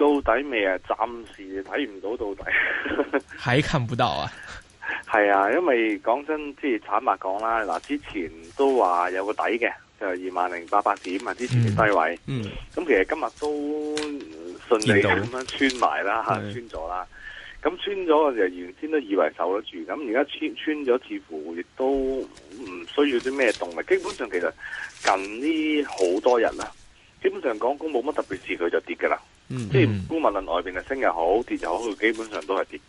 到底未啊？暫時睇唔到到底，還看不到啊 ？係啊，因為講真，即係坦白講啦。嗱，之前都話有個底嘅，就係二萬零八百點啊。之前低位，嗯，咁、嗯、其實今日都順利咁樣穿埋啦，吓穿咗啦。咁穿咗就原先都以為受得住，咁而家穿穿咗，似乎亦都唔需要啲咩動力。基本上，其實近呢好多日啦，基本上港股冇乜特別事，佢就跌噶啦。即、mm-hmm. 係股民論外邊係升又好跌又好，佢基本上都係跌。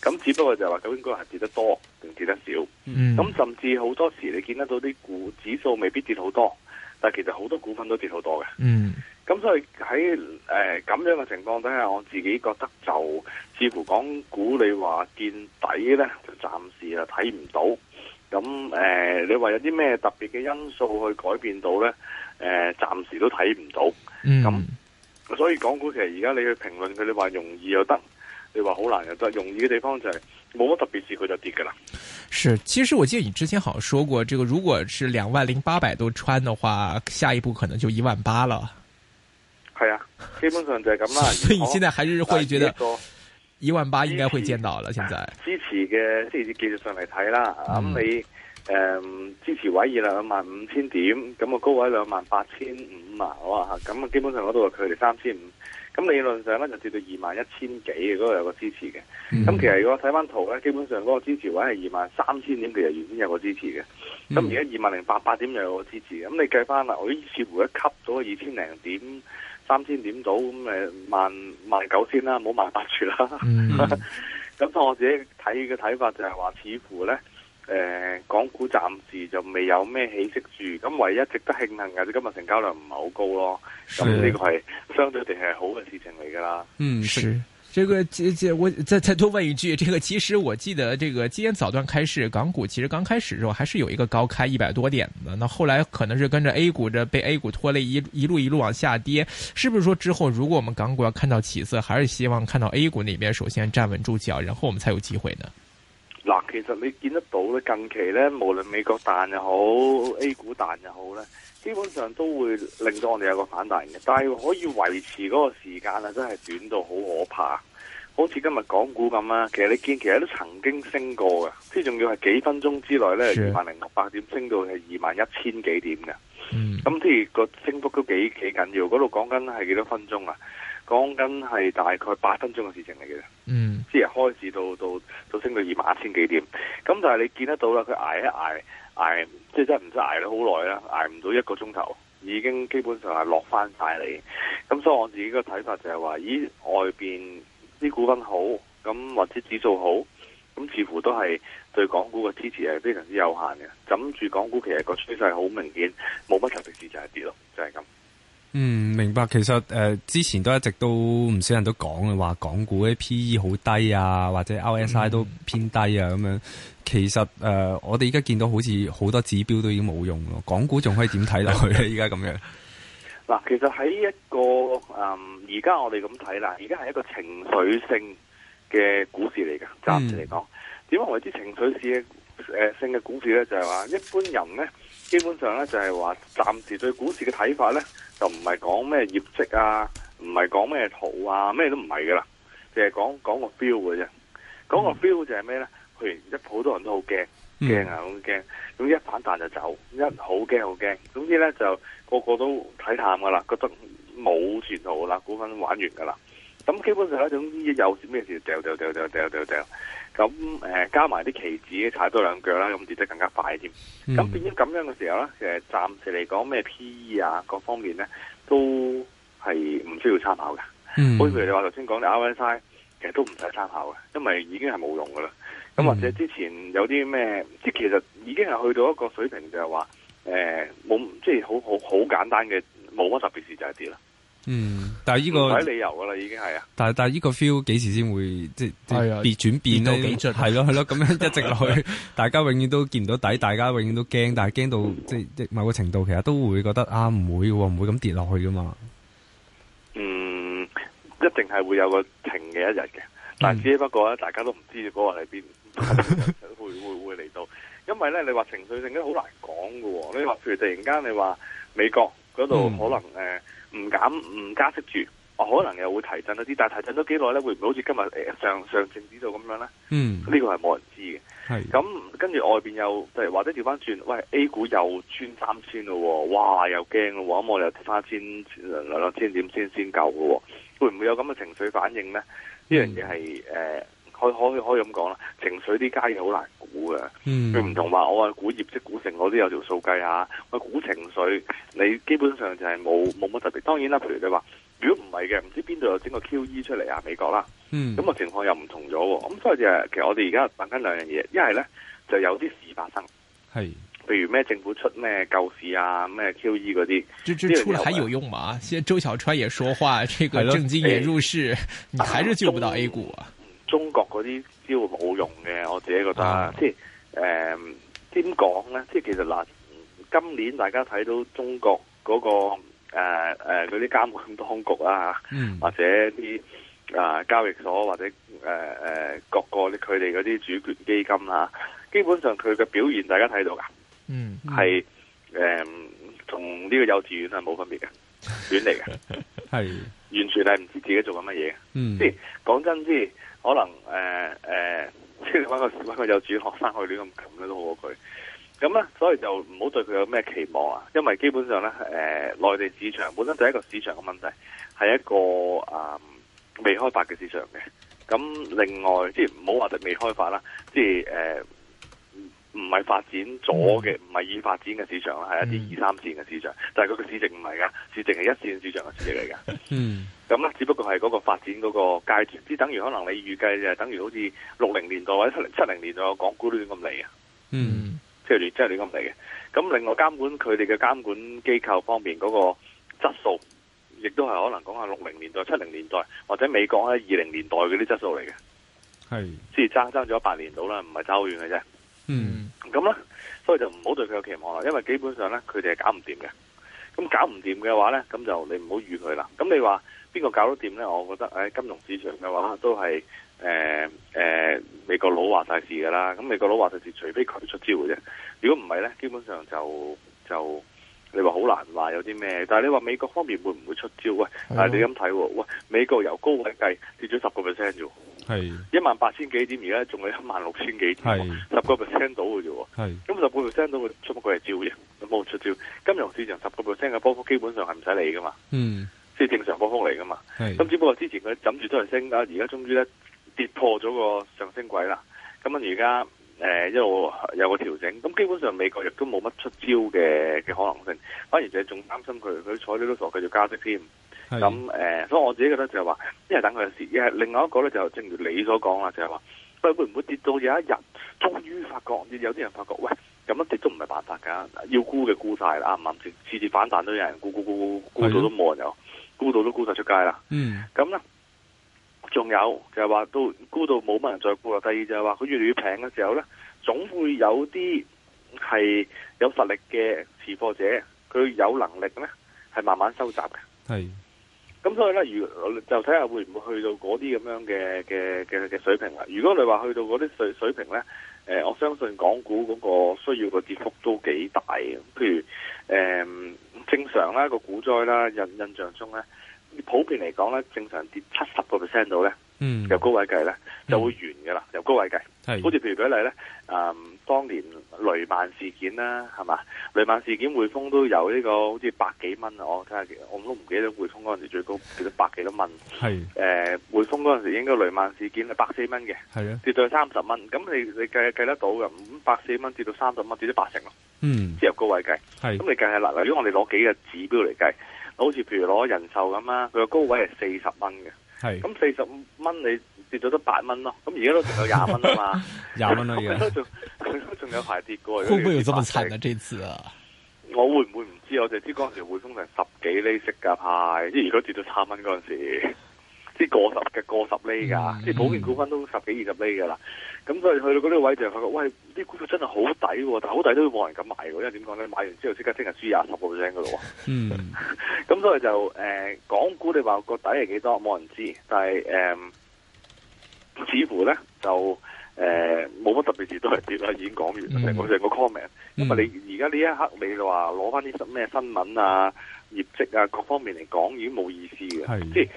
咁只不過就係話究竟應該係跌得多定跌得少。咁、mm-hmm. 甚至好多時你見得到啲股指數未必跌好多，但係其實好多股份都跌好多嘅。咁、mm-hmm. 所以喺誒咁樣嘅情況底下，我自己覺得就似乎講股你話見底咧，暫時啊睇唔到。咁誒、呃，你話有啲咩特別嘅因素去改變到咧？誒、呃，暫時都睇唔到。咁、mm-hmm.。所以港股其實而家，你去評論佢，你話容易又得，你話好難又得。容易嘅地方就係冇乜特別事佢就跌噶啦。是，其實我記得你之前好像說過，這個如果是兩萬零八百都穿的話，下一步可能就一萬八啦。係啊，基本上就係咁啦。所以你現在還是會覺得一萬八應該會見到了。現在支持嘅，即係技術上嚟睇啦，咁、嗯、你。誒、嗯，支持位以兩萬五千點，咁、咁個高位兩萬八千五啊，哇！咁啊、嗯，基本上嗰度距離三千五，咁理論上咧就跌到二萬一千幾嘅嗰個有個支持嘅。咁其實如果睇翻圖咧，基本上嗰個支持位係二萬三千點，其實原先有個支持嘅。咁而家二萬零八八點又有個支持嘅。咁你計翻啦，我似乎一吸到二千零點、三千點到咁誒，萬萬九千啦，冇萬八處啦。咁、嗯、 我自己睇嘅睇法就係話，似乎咧。呃、港股暫時就未有咩起色住，咁唯一值得慶幸嘅就今日成交量唔係好高咯，咁呢個係相對地係好嘅事情嚟噶啦。嗯是，這個這這個、我再再多問一句，這個其實我記得，這個今天早段開始，港股其實剛開始時候還是有一個高開一百多點的，那後來可能是跟着 A 股，就被 A 股拖累一一路一路往下跌，是不是說之後如果我們港股要看到起色，還是希望看到 A 股那邊首先站穩住腳，然後我們才有機會呢？嗱，其實你見得到咧，近期咧，無論美國彈又好，A 股彈又好咧，基本上都會令到我哋有個反彈嘅，但係可以維持嗰個時間啊，真係短到好可怕，好似今日港股咁啊！其實你見，其實都曾經升過嘅，即係仲要係幾分鐘之內咧，二萬零六百點升到係二萬一千幾點嘅，咁即係個升幅都幾幾緊要。嗰度講緊係幾多分鐘啊？講緊係大概八分鐘嘅事情嚟嘅，嗯，即係開始到到到升到二萬一千幾點，咁但係你見得到啦，佢挨一挨挨，即係真係唔使挨咗好耐啦，挨唔到一個鐘頭，已經基本上係落翻晒嚟。咁所以我自己嘅睇法就係話，咦，外邊啲股份好，咁或者指數好，咁似乎都係對港股嘅支持係非常之有限嘅。咁住港股其實個趨勢好明顯，冇乜特別事就係跌咯，就係咁。嗯，明白。其實誒、呃，之前都一直都唔少人都講嘅話港股嘅 P E 好低啊，或者 R S I 都偏低啊，咁、嗯、樣。其實誒、呃，我哋而家見到好似好多指標都已經冇用咯。港股仲可以點睇落去咧、啊？而家咁樣？嗱，其實喺一個誒，而、嗯、家我哋咁睇啦，而家係一個情緒性嘅股市嚟㗎。暫時嚟講。點為之情緒性嘅誒性嘅、呃、股市咧？就係、是、話一般人咧。基本上咧，就係話暫時對股市嘅睇法咧就唔係講咩業績啊，唔係講咩圖啊，咩都唔係噶啦，淨係講講個 feel 嘅啫。講個 feel 就係咩咧？譬如，一好多人都好驚驚啊，好驚，咁一反彈就走，一好驚好驚，總之咧就個個都睇淡噶啦，覺得冇前途啦，股份玩完噶啦。咁基本上係一種有事咩事掉掉掉掉掉掉掉。咁誒、呃、加埋啲棋子踩多兩腳啦，咁跌得更加快啲。咁、嗯、變成咁樣嘅時候咧，其實暫時嚟講咩 P E 啊各方面咧，都係唔需要參考嘅、嗯。好似譬如你話頭先講啲 R S I，其實都唔使參考嘅，因為已經係冇用噶啦。咁、嗯、或者之前有啲咩，即係其實已經係去到一個水平就，就係話誒冇，即係好好好簡單嘅，冇乜特別事就係啲啦。嗯，但係、這、呢個理由噶啦，已經係啊。但係但係呢個 feel 幾時先會即係變轉變咧？係咯係咯，咁 樣一直落去， 大家永遠都見唔到底，大家永遠都驚，但係驚到、嗯、即係某個程度，其實都會覺得啊唔會唔會咁跌落去噶嘛。嗯，一定係會有個停嘅一日嘅，但係只不過咧，大家都唔知嗰個喺邊， 會會會嚟到。因為咧，你話情緒性都好難講噶。你話譬如突然間你話美國嗰度可能誒。嗯唔減唔加息住，可能又會提振一啲，但係提振咗幾耐咧，會唔會好似今日誒、呃、上上證指數咁樣咧？嗯，呢、這個係冇人知嘅。係咁跟住外邊又即係或者調翻轉，喂 A 股又穿三千咯，哦，哇又驚喎，哦。咁我哋又返千兩兩千點先先夠嘅，會唔會有咁嘅情緒反應咧？呢樣嘢係誒。就是呃可可以可以咁講啦，情緒呢家嘢好難估嘅。佢、嗯、唔同話，我估業績估成嗰啲有條數計啊。我估情緒，你基本上就係冇冇乜特別。當然啦，譬如佢話，如果唔係嘅，唔知邊度有整個 QE 出嚟啊？美國啦，咁、嗯、個情況又唔同咗。咁所以就係其實我哋而家等緊兩樣嘢，一係咧就有啲事發生，係譬如咩政府出咩救市啊咩 QE 嗰啲，呢出嚟。還有用嗎？先周小川也說話，這個資金也入市、哎，你還是救不到 A 股啊！嗯嗯中國嗰啲招冇用嘅，我自己覺得，啊、即係誒、呃，點講咧，即係其實嗱，今年大家睇到中國嗰、嗰個誒誒嗰啲監管當局啊，嗯、或者啲啊、呃、交易所或者誒誒、呃、各個佢哋嗰啲主權基金啊，基本上佢嘅表現，大家睇到噶，嗯，係、嗯、誒，同呢、呃、個幼稚園係冇分別嘅，亂嚟嘅，係完全係唔知自己做緊乜嘢嘅，即係講真啲。可能誒誒，即係搵個有主學生去啲咁近咧都好過佢。咁咧，所以就唔好對佢有咩期望啊。因為基本上咧，誒、呃，內地市場本身就第一個市場嘅問題係一個啊、呃、未開發嘅市場嘅。咁另外，即係唔好話未開發啦，即係誒。呃唔係發展咗嘅，唔、嗯、係已發展嘅市場啦，係一啲二三線嘅市場，但係佢嘅市值唔係噶，市值係一線市場嘅市值嚟噶。嗯，咁啦，只不過係嗰個發展嗰個階段，即係等於可能你預計就係等於好似六零年代或者七七零年代嘅港股亂咁嚟嘅。嗯，即係亂即係亂咁嚟嘅。咁另外監管佢哋嘅監管機構方面嗰個質素，亦都係可能講下六零年代、七零年代或者美國喺二零年代嗰啲質素嚟嘅。係，即係爭爭咗八年度啦，唔係差好遠嘅啫。嗯，咁啦，所以就唔好對佢有期望啦，因為基本上咧，佢哋係搞唔掂嘅。咁搞唔掂嘅話咧，咁就你唔好預佢啦。咁你話邊個搞得掂咧？我覺得喺、哎、金融市場嘅話，都係誒誒，美國佬話晒事噶啦。咁美國佬話晒事，除非佢出招嘅啫。如果唔係咧，基本上就就。你話好難話有啲咩，但係你話美國方面會唔會出招？喂、啊，但係你咁睇，喂，美國由高位計跌咗十個 percent 啫，係一萬八千幾點，而家仲有一萬六千幾點，十個 percent 到嘅啫，係咁十個 percent 到，佢只不過係照型，冇出招。金融市場十個 percent 嘅波幅基本上係唔使理噶嘛，嗯，即係正常波幅嚟噶嘛，咁只不過之前佢枕住都係升，啊，而家終於咧跌破咗個上升軌啦，咁啊而家。誒、呃、一路有個調整，咁基本上美國亦都冇乜出招嘅嘅可能性，反而就仲擔心佢，佢坐喺呢度繼續加息添。咁誒、嗯呃，所以我自己覺得就係話，一係等佢嘅事，一係另外一個咧就正如你所講啦，就係、是、話，喂會唔會跌到有一日，終於發覺，有啲人發覺，喂咁樣跌都唔係辦法㗎，要沽嘅沽晒啦，唔係次次反彈都有人沽沽沽沽，沽到都冇人有，沽到都沽晒出街啦。嗯，咁啦。仲有就係話都沽到冇乜人再沽啦。第二就係話佢越嚟越平嘅時候咧，總會有啲係有實力嘅持貨者，佢有能力咧係慢慢收集嘅。係。咁所以咧，如就睇下會唔會去到嗰啲咁樣嘅嘅嘅嘅水平啦。如果你話去到嗰啲水水平咧，誒、呃，我相信港股嗰個需要個跌幅都幾大嘅。譬如誒、呃，正常啦、嗰個股災啦，印印象中咧。普遍嚟講咧，正常跌七十個 percent 度咧，由高位計咧就會完㗎啦。由高位計，好似、嗯、譬如舉例咧，誒、嗯、當年雷曼事件啦，係嘛？雷曼事件匯豐都有呢、呢個好似百幾蚊啊！我睇下，我都唔記得匯豐嗰陣時最高跌到百幾多蚊。係誒，匯豐嗰陣時、呃、時應該雷曼事件係百四蚊嘅，係啊，跌到三十蚊。咁你你計計得到嘅五百四蚊跌到三十蚊，跌咗八成咯。嗯，即由高位計。係咁，你計下嗱，例如於我哋攞幾個指標嚟計。好似譬如攞人壽咁啦，佢個高位係四十蚊嘅，咁四十蚊你跌咗得八蚊咯，咁而家都仲有廿蚊啊嘛，廿蚊啊，咁都仲，都 仲有排跌過。會唔會有咁慘啊？呢次、啊？我會唔會唔知？我就知嗰陣時匯豐成十幾厘息㗎派，即係如果跌到三蚊嗰時。啲過十嘅過十厘㗎，啲、嗯嗯、普遍股份都十幾二十厘㗎啦。咁所以去到嗰啲位置就係話：喂，啲股票真係好抵喎！但好抵都冇人敢買喎，因為點講咧？買完之後即刻聽日輸廿十個 percent 嘅咯喎。咁、嗯、 所以就誒、呃，港股你話個底係幾多？冇人知。但係誒、呃，似乎咧就誒冇乜特別事都係跌啦。已經講完，成我成個 comment、嗯。咁啊，你而家呢一刻你就話攞翻啲什咩新聞啊、業績啊各方面嚟講，已經冇意思嘅，即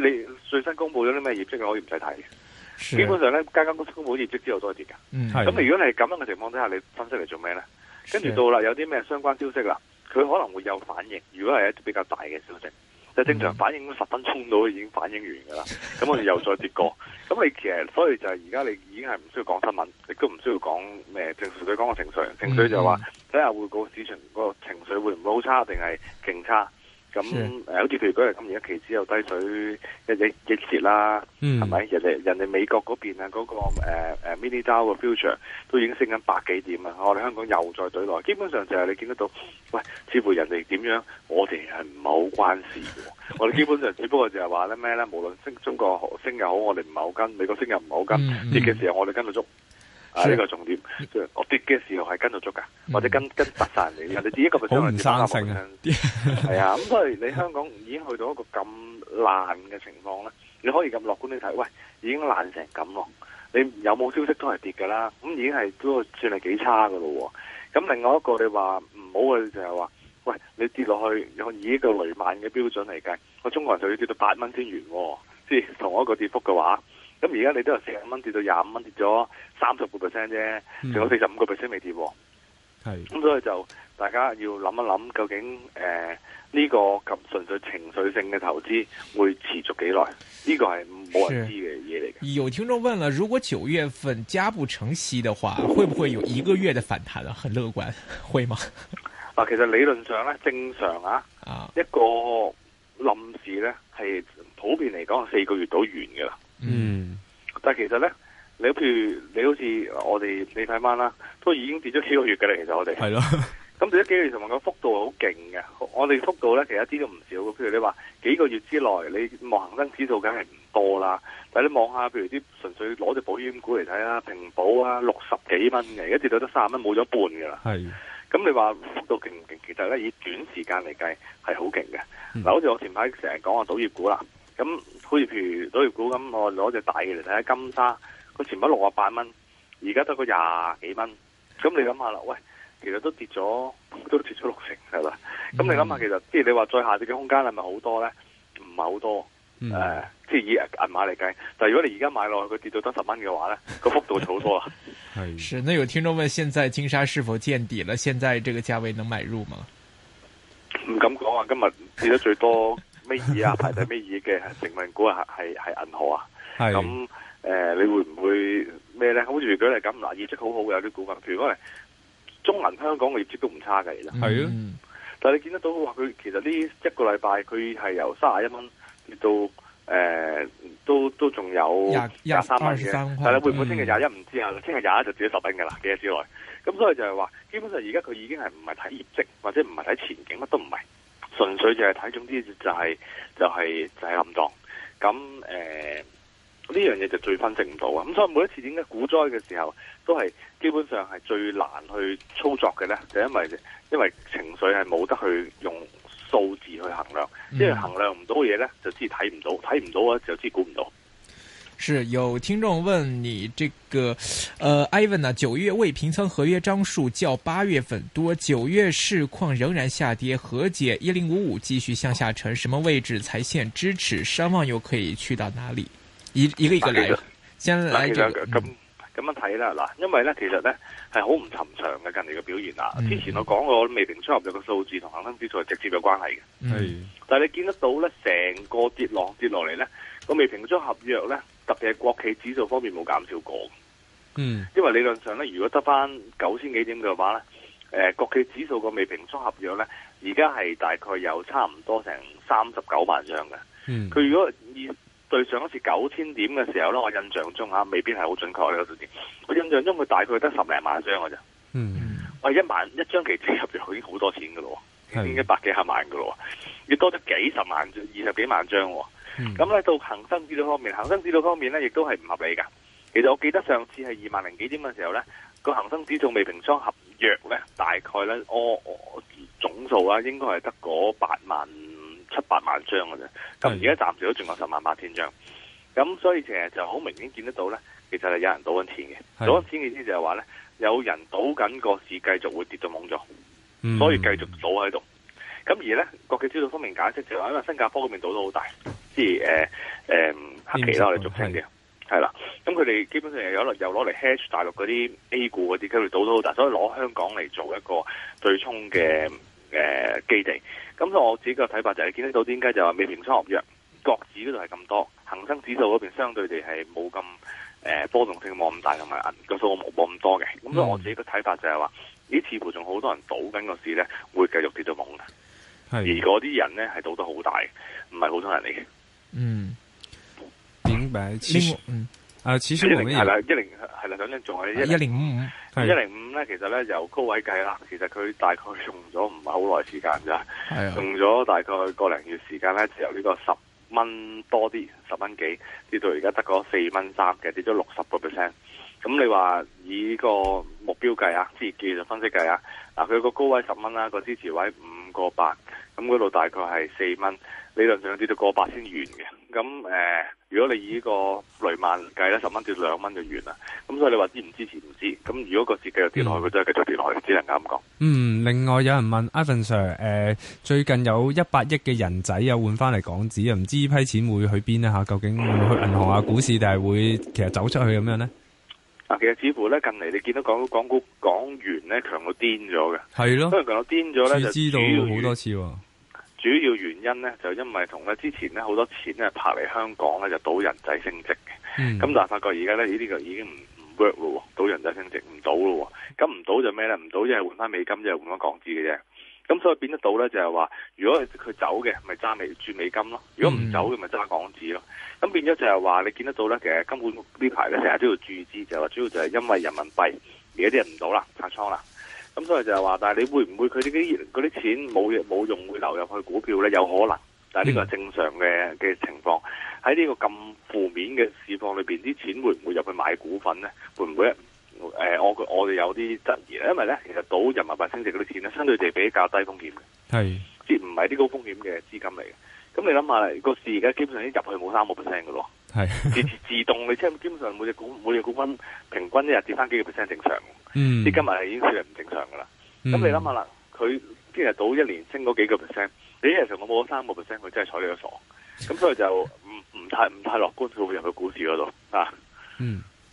你最新公布咗啲咩業績，我可以唔使睇。基本上咧，間間公司公布業績之後都係跌㗎。嗯，咁如果你係咁樣嘅情況底下，你分析嚟做咩咧？跟住到啦，有啲咩相關消息啦，佢可能會有反應。如果係一啲比較大嘅消息，就是、正常反應十分鐘到已經反應完㗎啦。咁、嗯、我哋又再跌過。咁 你其實所以就係而家你已經係唔需要講新聞，亦都唔需要講咩正常緒講嘅情緒。情緒就話睇下會個市場嗰、嗰個情緒會唔會好差定係勁差。咁誒，好似譬如嗰日今而家期只有低水一直直蝕啦，係咪、嗯？人哋人哋美國嗰邊、嗰個呃、啊，嗰個 mini Dow 嘅 future 都已經升緊百幾點啊！我哋香港又再對落，基本上就係你見得到。喂，似乎人哋點樣，我哋係唔係好關事嘅？我哋基本上只不過就係話咧咩咧，無論升中國升又好，我哋唔係好跟；美國升又好，唔係好跟跌嘅時候，我哋跟到足。呢個重點，我跌嘅時候係跟到足噶，或者跟、嗯、跟突晒人哋嘅，你自己個 percent 跌係啊，咁 所以你香港已經去到一個咁爛嘅情況咧，你可以咁樂觀你睇，喂，已經爛成咁咯，你有冇消息都係跌噶啦，咁已經係都算係幾差噶咯，咁另外一個你話唔好嘅就係、是、話，喂，你跌落去用以一個雷曼嘅標準嚟計，個中國人就要跌到八蚊先完，即係同一個跌幅嘅話。咁而家你都有成蚊跌到廿五蚊跌咗三十個 percent 啫，仲有四十五個 percent 未跌，係、嗯、咁所以就大家要諗一諗，究竟誒呢、呃，這個咁純粹情緒性嘅投資會持續幾耐？呢、這個係冇人知嘅嘢嚟嘅。有聽眾問啦，如果九月份加不成息嘅話，會唔會有一個月嘅反彈啊？很樂觀會嗎？嗱、啊，其實理論上咧，正常啊，啊一個冧市咧係普遍嚟講係四個月度完噶啦。嗯，但係其實咧，你譬如你好似我哋，你睇翻啦，都已經跌咗幾個月㗎啦。其實我哋係咯，咁跌咗幾個月，同埋個幅度好勁嘅。我哋幅度咧，其實一啲都唔少嘅。譬如你話幾個月之內，你望恒生指數，梗係唔多啦。但係你望下，譬如啲純粹攞隻保險股嚟睇啦，平保啊，六十幾蚊嘅，而家跌到得三十蚊，冇咗半噶啦。係，咁你話幅度勁唔勁？其實咧，以短時間嚟計，係好勁嘅。嗱，好似我前排成日講話，賭業股啦。咁好似譬如旅遊業股咁，我攞隻大嘅嚟睇下，金沙佢前部六啊八蚊，而家得個廿幾蚊，咁你諗下啦，喂，其實都跌咗，都跌咗六成係啦。咁、嗯、你諗下，其實即係你話再下跌嘅空間係咪好多咧？唔係好多，誒、呃嗯，即係以銀碼嚟計。但係如果你而家買落去，佢跌到得十蚊嘅話咧，個幅度就會好多啦。係 是，那有聽眾問：現在金沙是否見底了？現在這個價位能買入嗎？唔敢講話，今日跌得最多。 咩 嘢啊？排第咩嘢嘅成分股銀啊？係係銀行啊？咁誒、呃，你會唔會咩咧？好似如果係咁嗱，業績好好嘅啲股份，譬如講嚟中銀香港嘅業績都唔差嘅，係咯、啊。但係你見得到佢其實呢一個禮拜佢係由卅一蚊跌到誒、呃，都都仲有廿三蚊嘅。但係會唔會星期廿一唔知啊？聽日廿一就跌十蚊噶啦，幾日之內？咁所以就係話，基本上而家佢已經係唔係睇業績，或者唔係睇前景，乜都唔係。純粹就係睇、就是，總之就係、是、就係就係暗當。咁誒，呢、呃、樣嘢就最分析唔到啊！咁所以每一次點解股災嘅時候，都係基本上係最難去操作嘅咧，就是、因為因為情緒係冇得去用數字去衡量，嗯、因為衡量唔到嘢咧，就知睇唔到，睇唔到啊，就知估唔到。是有聽眾問你這個，呃，Ivan 呢？九月未平倉合約張數較八月份多，九月市況仍然下跌，何解一零五五繼續向下沉，什麼位置才現支持？商望又可以去到哪裡？一一個一個來，個先來、這個。來其咁咁樣睇啦，嗱，因為呢，其實呢係好唔尋常嘅近嚟嘅表現啦。之前我講過未平倉合約嘅數字同恒生指數係直接嘅關係嘅，係、嗯。但係你見得到咧，成個跌浪跌落嚟咧，個未平倉合約咧。特別係國企指數方面冇減少過，嗯，因為理論上咧，如果得翻九千幾點嘅話咧，誒、呃、國企指數個未平倉合約咧，而家係大概有差唔多成三十九萬張嘅，佢、嗯、如果以對上一次九千點嘅時候咧，我印象中啊，未必係好準確呢嗰陣時，我印象中佢大概得十零萬張嘅啫，嗯，哇一萬一張期指入面已經好多錢嘅咯，一百幾廿萬嘅咯，要多咗幾十萬張，二十幾萬張、啊。咁、嗯、咧，到恒生指數方面，恒生指數方面咧，亦都係唔合理噶。其實我記得上次係二萬零幾點嘅時候咧，個恒生指數未平倉合約咧，大概咧，我、哦、我、哦、總數啊，應該係得嗰八萬七八萬張嘅啫。咁而家暫時都仲有十萬八千張。咁所以其實就好明顯見得到咧，其實係有人賭緊錢嘅。賭緊錢嘅意思就係話咧，有人賭緊個市，繼續會跌到懵咗、嗯，所以繼續賭喺度。咁而咧，國際資本方面解釋就係話，因為新加坡嗰邊賭都好大，即係誒誒黑期啦，我哋俗稱嘅，係啦。咁佢哋基本上又有攞嚟 hedge 大陸嗰啲 A 股嗰啲，跟住賭都好大，所以攞香港嚟做一個對沖嘅誒、呃、基地。咁所以我自己嘅睇法就係、是、見得到點解就係未平倉合約，國指嗰度係咁多，恒生指數嗰邊相對地係冇咁誒波動性冇咁大，同埋銀個數冇咁多嘅。咁所以我自己嘅睇法就係、是、話，呢似乎仲好多人賭緊個市咧，會繼續跌到懵嘅。係而嗰啲人咧，係賭得好大，唔係普通人嚟嘅。嗯，點解？支持嗯啊，支持係啦，一零係啦，等等，仲係一零五一零五咧。其實咧，由高位計啦，其實佢大概用咗唔係好耐時間咋，用咗大概個零月時間咧，就由呢個十蚊多啲，十蚊幾，跌到而家得個四蚊三嘅，跌咗六十個 percent。咁你話以個目標計啊，即係技術分析計啊，嗱，佢個高位十蚊啦，個支持位五。過百咁嗰度大概係四蚊，理論上跌到過百先完嘅。咁誒，如果你以呢個雷曼計咧，十蚊跌兩蚊就完啦。咁所以你話支唔支持唔知。咁如果個市繼續跌落去，真係繼續跌落去，只能咁講。嗯，另外有人問，Ivan Sir，誒、呃，最近有一百億嘅人仔有換翻嚟港紙啊，唔知呢批錢會去邊咧？吓，究竟會去銀行啊，股市定係會其實走出去咁樣咧？其實似乎咧近嚟你見到港港股港元咧強到癲咗嘅，係咯，因為強到癲咗咧就要知要好多次、啊。主要原因咧就因為同咧之前咧好多錢咧拍嚟香港咧就倒人仔升值嘅，咁、嗯、但係發覺而家咧呢啲就已經唔唔 work 咯，倒人仔升值唔到咯，咁唔倒，倒就咩咧？唔倒，即係換翻美金，即、就、係、是、換翻港紙嘅啫。咁所以變得到咧，就係話、嗯，如果佢走嘅，咪揸美注美金咯；如果唔走嘅，咪揸港紙咯。咁變咗就係話，你見得到咧，其實根本呢排咧成日都要注資，就係話主要就係因為人民幣而家啲人唔到啦，拆倉啦。咁所以就係話，但係你會唔會佢啲啲錢冇冇用會流入去股票咧？有可能，但係呢個係正常嘅嘅情況。喺呢個咁負面嘅市況裏面，啲錢會唔會入去買股份咧？會唔會？誒、呃，我我哋有啲質疑，因為咧，其實賭人民幣升值嗰啲錢咧，相對地比較低風險嘅，係，即唔係啲高風險嘅資金嚟嘅。咁你諗下嚟，個市而家基本上已經入去冇三個 percent 噶咯，係，自 自動你即係基本上每隻股每隻股份平均一日跌翻幾個 percent 正常，即今日係已經算係唔正常噶啦。咁、嗯、你諗下啦，佢一日賭一年升嗰幾個 percent，你一日上我冇咗三個 percent，佢真係睬你都傻。咁 所以就唔唔太唔太樂觀，佢入去股市嗰度啊。嗯